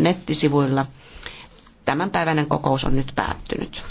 nettisivuilla. Tämän päivänä kokous on nyt päättynyt.